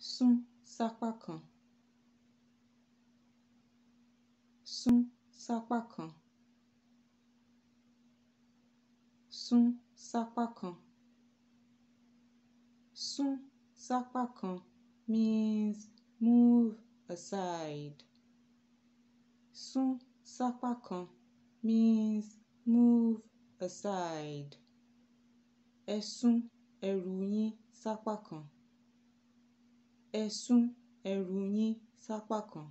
sún sápá kan sún sápá kan sún sápá kan sún sápá kan means move aside sún sápá kan means move aside ẹ sún ẹrù yín sápá kan ẹ sún ẹrù yín sápá kan